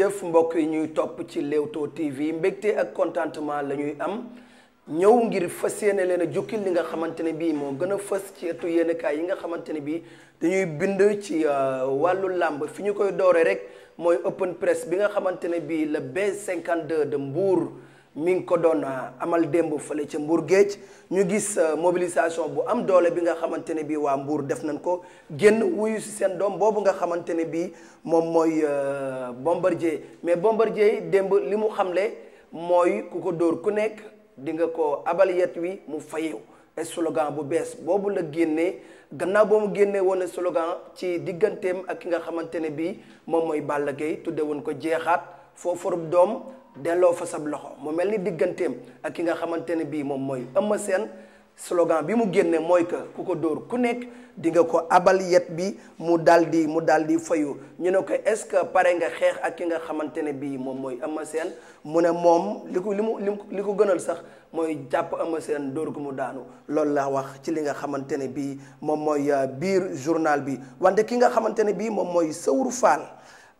jërëjëf mbokk yi ñuy topp ci Leewtoo TV mbégte ak contentement la ñuy am ñëw ngir fas yéene leen a jukkil li nga xamante ne bii moo gën a fës ci ëttu yéenekaay yi nga xamante ne bii dañuy bind ci euh, wàllu làmb fi ñu koy dooree rek mooy open press bi nga xamante ne bii le B52 de Mbour. mi ngi ko doon ah, amal démb fële ci Mbour géej ñu gis ah, mobilisation bu am doole bi nga xamante ne bii waa Mbour def nañ ko génn wuyu si seen doom boobu nga xamante ne bii moom mooy ah, Bombardier mais Bombardier démb li mu xamle mooy ku ko dóor ku nekk di nga ko abal yet wi mu fayew slogan bu bees boobu la génnee gannaaw boo mu génnee woon slogan ci digganteem ak ki nga xamante ne bii moom mooy Balla Gaye tudde woon ko jeexaat foofu doom delloo fa sab loxo mu mel ni digganteem ak ki nga xamante ne bii moom mooy Eumeu Sène slogan bi mu génnee mooy que ku ko dóor ku nekk di nga ko abal yet bi mu daal di mu daal di fayu ñu ne ko est-ce que pare nga xeex ak ki nga xamante ne bii moom mooy Eumeu Sène mu ne moom li ko li mu li ko gënal sax mooy jàpp Eumeu seen dóor ko mu daanu loolu la wax ci li nga xamante ne bii moom mooy euh, biir journal bi wante ki nga xamante ne bii moom mooy Sawru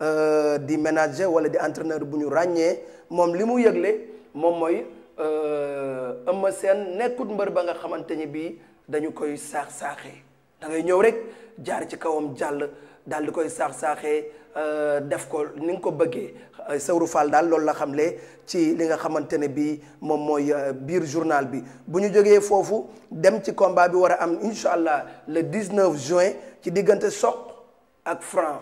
Euh, di manager wala di entraîneur bu ñu ràññee moom li mu yëgle moom mooy euh, Eumeu seen nekkut mbër ba nga xamante ni bii dañu koy saax saaxee dangay ñëw rek jaar ci kawam jàll daal di koy saax saaxee euh, def ko ni nga ko bëggee Sewru Fall daal loolu la xam xamle ci li nga xamante ne bii moom mooy biir journal bi bu ñu jógee foofu dem ci combat bi war a am incha allah le 19 juin ci diggante Sokh ak Franc.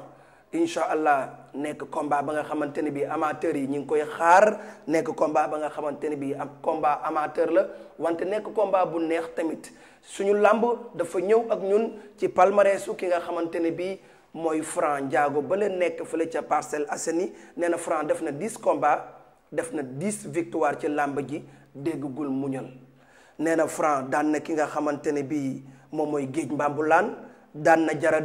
incha allah nekk combat ba nga xamante ne bii amateur yi ñu ngi koy xaar nekk combat ba nga xamante ne bii am combat amateur la wante nekk combat bu neex tamit suñu làmb dafa ñëw ak ñun ci palmarèsu ki nga xamante ne bii mooy Franc Ndiago ba la nekk fële ca Parcelles Assainies nee na Franc def na 10 combats def na 10 victoire ci làmb ji déggagul muñal nee na Franc daan na ki nga xamante ne bii moom mooy géej mbambulaan daan na jara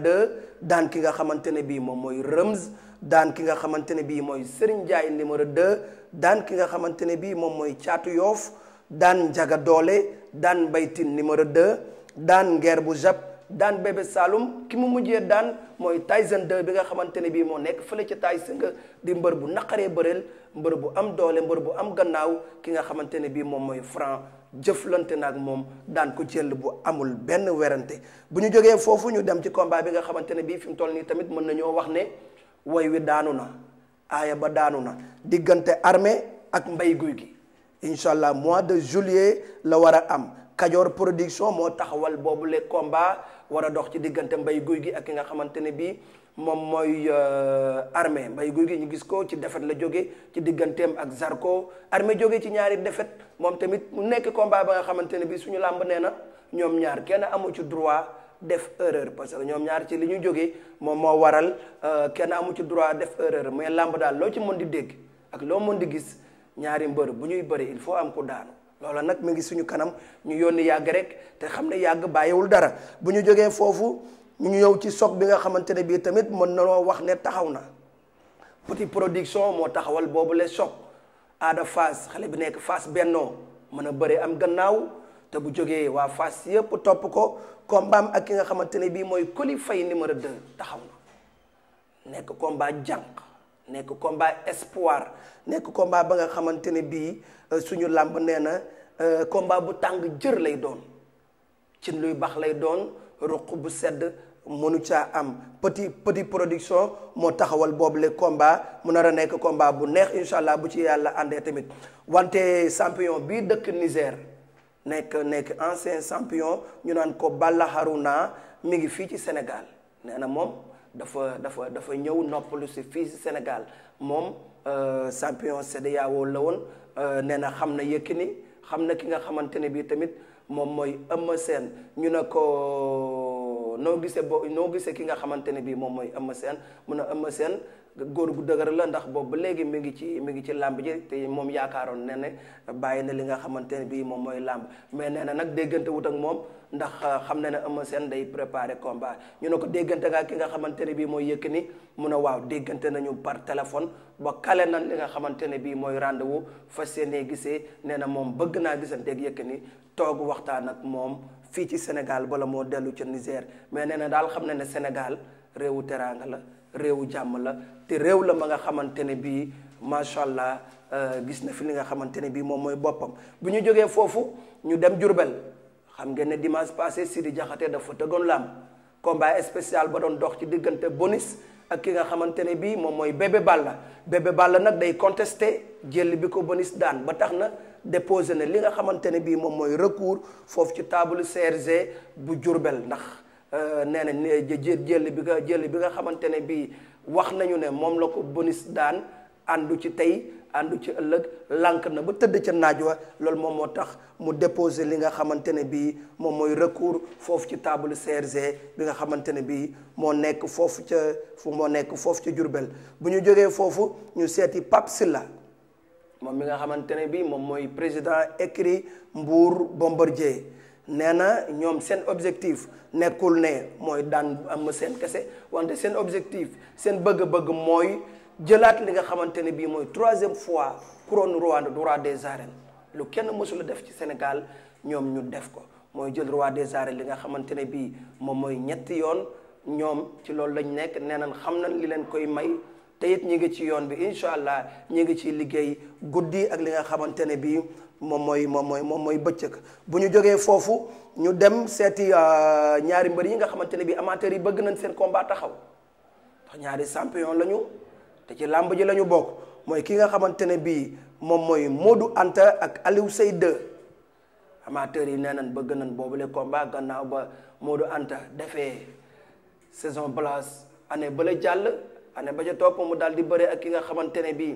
daan ki nga xamante ne bii moom mooy Rems daan ki nga xamante ne bii mooy Serigne Ndiaye numéro 2 daan ki nga xamante ne bii moom mooy Caatu Yoof daan Njaga Doole daan Mbaytin numéro 2 daan Ngeer bu Jap daan Bébé Saloum ki mu mujjee daan mooy Tyson 2 bi nga xamante ne bii moo nekk fële ci taay sënga di mbër bu naqaree bëreel mbër bu am doole mbër bu am gannaaw ki nga xamante ne bii moom mooy Franc jëflante na ak moom daan ko jël bu amul benn werante bu ñu jógee foofu ñu dem ci combat bi nga xamante ne bii fi mu toll nii tamit mën nañoo wax ne woy wi daanu na aaya ba daanu na diggante armée ak mbay guy gi incha allah mois de juillet la war a am Kajoor production moo taxawal boobu boobule combat war a dox ci diggante mbay guy gi ak ki nga xamante ne bii moom mooy euh, armée mbay guy gi ñu gis ko ci defet la jóge ci digganteem ak Zarko armée jóge ci ñaari defet moom tamit mu nekk combat ba nga xamante ne bi suñu làmb nee na ñoom ñaar kenn amu ci droit def erreur parce que ñoom ñaar ci li ñu jógee moom moo waral euh, kenn amu ci droit def heureur mais làmb daal loo ci mën di dégg ak loo mën di gis ñaari mbër bu ñuy bëri il faut am ko daanu loola nag mu ngi suñu kanam ñu yónni yàgg rek te xam ne yàgg bàyyiwul dara ñu yow ci soog bi nga xamante ne bii tamit mën nanoo wax ne taxaw na petit production moo taxawal boobu lay soog aada Fass xale bi nekk fas bennoo mën a bëre am gannaaw te bu jógee waa fas yëpp topp ko kombaam ak ki nga xamante ne bii mooy Coly Faye numéro 2 taxaw na nekk combat jànq nekk combat espoir nekk combat ba nga xamante ne bii euh, suñu làmb nee na euh, combat bu tàng jër lay doon cin luy baax lay doon ruq bu sedd mënu caa am petit petit production moo taxawal boobule le combat mu nar a nekk combat bu neex incha allah bu ci yàlla àndee tamit wante champion bii dëkk Niger nekk nekk ancien champion ñu naan ko Balla naa mi ngi fii ci Sénégal nee na moom dafa dafa dafa ñëw noppalu si fii ci Sénégal moom euh, champion CEDEAO la woon euh, nee na xam na Yékini xam na ki nga xamante ne bii tamit moom mooy Eumeu Sène ñu ne ko. ko noo gisee bo noo gisee ki nga xamante ne bii moom mooy Eumeu seen mun a Eumeu seen góor gu dëgër la ndax boobu léegi mi ngi ci mi ngi ci làmb ji te moom yaakaaroon ne ne bàyyi na li nga xamante ne bii moom mooy làmb mais nee na nag déggante wut ndax euh, xam na ne Eumeu Sène day préparer combat ñu ne ko déggante nga ki nga xamante ne bii mooy Yékini mun a waaw déggante nañu par téléphone ba kale na li nga xamante ne bii mooy rendez-vous fas ne gisee nee na moom bëgg naa gisanteeg Yékini toog waxtaan ak moom fii ci Sénégal bala moo dellu ca Niger mais nee na daal xam na ne Sénégal réewu teraanga la réewu jàmm la te réew la ma nga xamante ne bii macha allah euh, gis na fi li nga xamante ne bii moom mooy boppam bu ñu jógee foofu ñu dem Jurbel xam ngeen ne dimanche passé Sidi Diakhaté dafa tëggoon lamb combat spécial ba doon dox ci diggante Bonis ak ki nga xamante ne bii moom mooy bébé la bébé Balla nag day contesté jël bi ko bonis daan ba tax na déposé na li nga xamante ne bii moom mooy recours foofu ci table CRG bu Jurbel ndax euh, nee na jël bi nga jël bi nga xamante ne bii wax nañu ne moom la ko bonis daan àndu ci tey àndu ci ëllëg lànk na ba tëdd ca naaj wa loolu moom moo tax mu déposé li nga xamante ne bii moom mooy recours foofu ci table CRG bi nga xamante ne bii moo nekk foofu ca fu moo nekk foofu ca Jurbel bu ñu jógee foofu ñu seeti Pape Silla moom mi nga xamante ne bii moom mooy président écrit Mbour Bombardier nee na ñoom seen objectif nekkul ne mooy daan am seen kese wante seen objectif seen bëgg-bëgg mooy. jëlaat li nga xamante ne bii mooy troisième fois couronne roi du roi des arènes lu kenn mësula def ci Sénégal ñoom ñu def ko mooy jël roi des arènes li nga xamante ne bii moom mooy ñetti yoon ñoom ci loolu lañ nekk nee nañ xam nañ li leen koy may te it ñi ngi ci yoon bi incha allah ñi ngi ci liggéey guddi ak li nga xamante ne bii moom mooy moom mooy moom mooy bëccëg bu ñu jógee foofu ñu dem seeti euh, ñaari mbër yi nga xamante ne bii amateurs yi bëgg nañ seen combat taxaw ndax ñaari champion lañu. te ci làmb ji lañu ñu bokk mooy ki nga xamante ne bii moom mooy Modou Anta ak Aliou Seye 2 amateurs yi nee nañ bëgg nañ boobule combat gannaaw ba Modou Anta defee saison blanche année bala jàll année ba ca topp mu daal di bëre ak ki nga xamante ne bii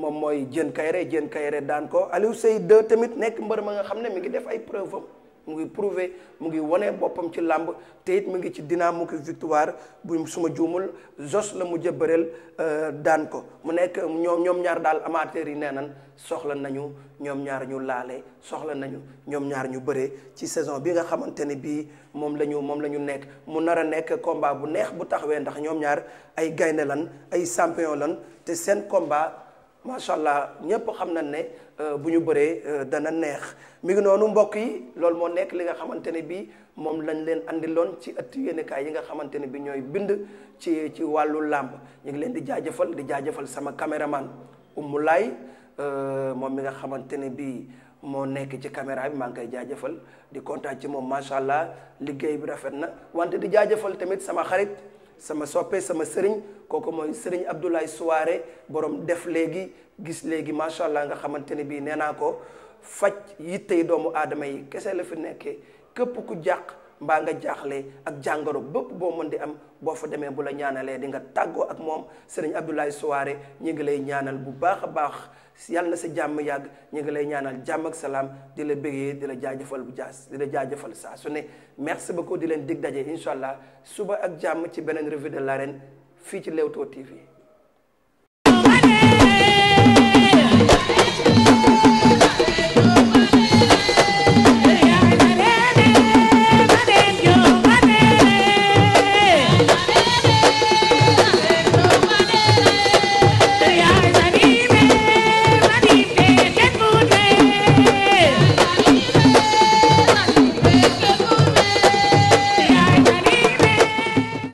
moom mooy Diène Kaïré Diène kayre daan ko Aliou Seye 2 tamit nekk mbër ma nga xam ne mi ngi def ay preuve am mu ngi prouve mu ngi wane boppam ci làmb te mu ngi ci dina dynamique victoire bu suma juumul jos la mu jëbëreel euh, daan ko mu nekk ñoom ñoom ñaar daal amateurs yi nee nañ soxla nañu ñoom ñaar ñu laale soxla nañu ñoom ñaar ñu bëree ci saison bi nga xamante ne bii moom la ñu moom la ñu nekk mu nar a nekk combat bu neex bu taxawee ndax ñoom ñaar ay gaynde lan ay champion lan te seen combat macha allah ñëpp xam na ne euh, bu ñu bëree euh, dana neex mi ngi noonu mbokk yi loolu moo nekk li nga xamante ne bii moom lañ leen andiloon ci ëtt yi nga xamante ne bi ñooy bind ci ci wàllu làmb ñu ngi leen di jaajëfal di jaajëfal sama caméraman Oumou Laye euh, moom mi nga xamante ne bii moo nekk ci caméra bi maa ngi koy jaajëfal di kontaan ci moom macha allah liggéey bi rafet na wante di jaajëfal tamit sama xarit. sama soppee sama sëriñ kooku mooy sëriñ Abdoulaye Souare borom def léegi gis léegi macha allah nga xamante ne bii nee naa ko faj yittey doomu aadama yi kese la fi nekkee képp ku jàq mbaa nga jaaxle ak jàngoro bépp boo mën di am boo fa demee bu la ñaanalee di nga tàggoo ak moom sëriñ Abdoulaye Souare ñu ngi lay ñaanal bu baax a baax. yàlla na sa jàmm yàgg ñu ngi lay ñaanal jàmm ak salaam di la bëggee di la jaajëfal bu jaas di la jaajëfal saa su ne merci beaucoup di leen dig dajee incha allah suba ak jàmm ci beneen revide de ren fii ci Leewtoo TV.